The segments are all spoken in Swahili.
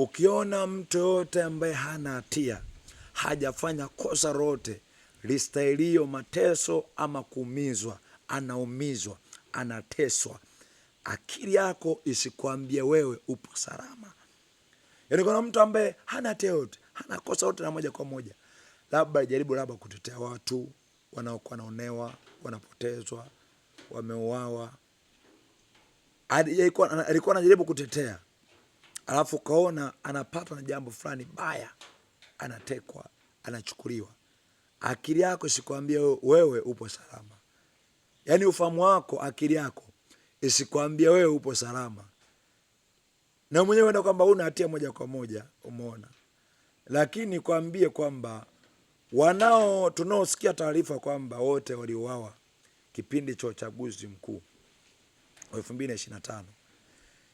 Ukiona mtu yoyote ambaye hana hatia, hajafanya kosa lolote listahilio mateso ama kuumizwa, anaumizwa, anateswa, akili yako isikwambie wewe upo salama. Yaani kuna mtu ambaye hana hatia yote, hana kosa yote, na moja kwa moja labda jaribu labda kutetea watu wanaokuwa wanaonewa, wanapotezwa, wameuawa, alikuwa anajaribu kutetea alafu ukaona anapatwa na jambo fulani baya, anatekwa, anachukuliwa. Akili yako isikuambia wewe upo salama, yaani ufahamu wako, akili yako isikuambia wewe upo salama, na mwenyewe uenda kwamba una hatia moja kwa moja, umeona. Lakini kwambie kwamba wanao tunaosikia taarifa kwamba wote waliuawa kipindi cha uchaguzi mkuu wa elfu mbili na ishirini na tano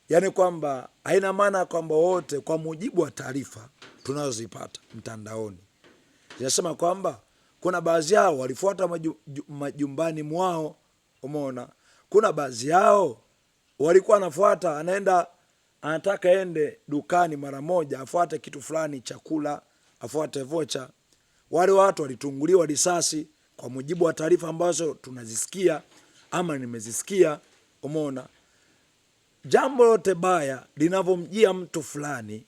yaani kwamba haina maana kwamba wote, kwa mujibu wa taarifa tunazozipata mtandaoni zinasema kwamba kuna baadhi yao walifuata majumbani mwao, umeona. Kuna baadhi yao walikuwa anafuata, anaenda anataka ende dukani mara moja, afuate kitu fulani, chakula, afuate vocha. Wale watu walitunguliwa risasi, kwa mujibu wa taarifa ambazo tunazisikia ama nimezisikia, umeona jambo lote baya linavyomjia mtu fulani,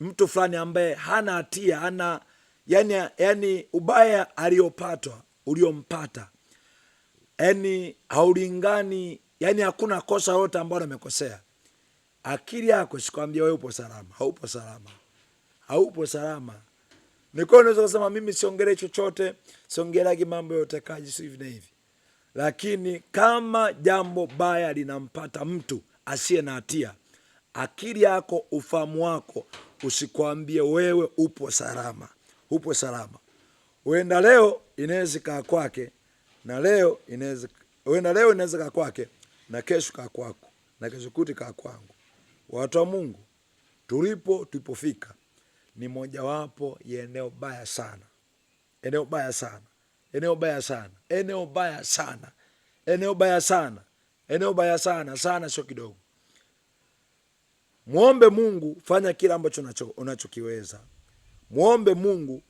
mtu fulani ambaye hana hatia, hana yani, yani ubaya aliyopatwa uliompata, yani haulingani, yani hakuna kosa lote ambalo amekosea. Akili yako sikwambia wewe upo salama, haupo salama, haupo salama. Nikuwa unaweza kusema mimi siongelee chochote, siongelagi mambo ya utekaji, si hivi na hivi lakini kama jambo baya linampata mtu asiye na hatia, akili yako, ufahamu wako usikwambie wewe upo salama, upo salama. uenda leo inaweza kaa kwake na leo inaweza leo inaweza kaa kwake na kesho kaa kwako na kesho kuti kaa kwangu. Watu wa Mungu, tulipo tulipofika ni mojawapo ya eneo baya sana, eneo baya sana eneo baya sana, eneo baya sana, eneo baya sana, eneo baya sana sana, sio kidogo. Mwombe Mungu, fanya kila ambacho unachokiweza. Mwombe Mungu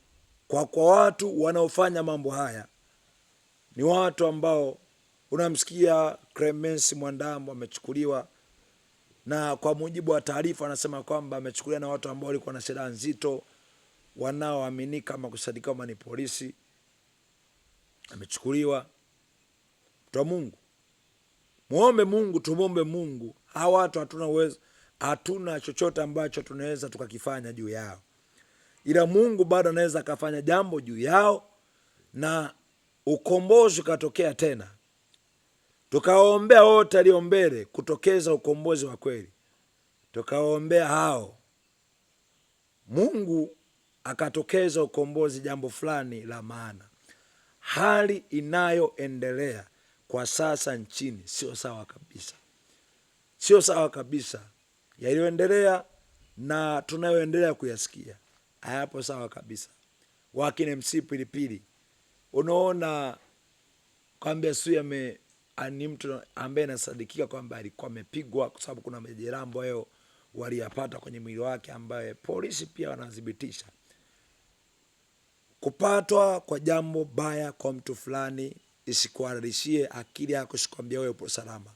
kwa kwa watu wanaofanya mambo haya, ni watu ambao unamsikia Clemence Mwandambo amechukuliwa na kwa mujibu wa taarifa anasema kwamba amechukuliwa na watu ambao walikuwa na silaha nzito wanaoaminika ama kusadikika ni polisi amechukuliwa mtoa Mungu. Muombe Mungu, tumwombe Mungu. Hawa watu hatuna uwezo, hatuna chochote ambacho tunaweza tukakifanya juu yao, ila Mungu bado anaweza akafanya jambo juu yao na ukombozi ukatokea tena. Tukawaombea wote walio mbele kutokeza ukombozi wa kweli, tukawaombea hao, Mungu akatokeza ukombozi, jambo fulani la maana hali inayoendelea kwa sasa nchini sio sawa kabisa, sio sawa kabisa. Yaliyoendelea na tunayoendelea kuyasikia hayapo sawa kabisa. Wakina MC Pilipili, unaona kwambia Suya ni mtu ambaye anasadikika kwamba alikuwa amepigwa, kwa sababu kuna majeraha ambayo waliyapata kwenye mwili wake ambaye polisi pia wanathibitisha kupatwa kwa jambo baya kwa mtu fulani isikuharishie akili yako, sikwambia wewe upo salama,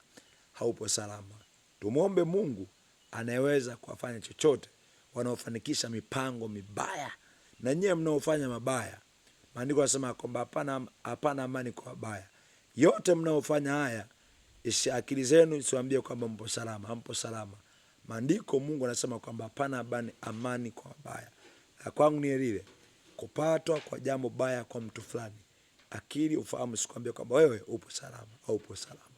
haupo salama. Tumwombe Mungu anayeweza kuwafanya chochote wanaofanikisha mipango mibaya na nyie mnaofanya mabaya. Maandiko yanasema kwamba hapana, hapana amani kwa wabaya. Yote mnaofanya haya, akili zenu isiwaambie kwamba mpo salama, mpo salama. Maandiko Mungu anasema kwamba hapana amani kwa wabaya, na kwangu ni lile kupatwa kwa jambo baya kwa mtu fulani, akili ufahamu, sikwambia kwamba wewe upo salama au upo salama.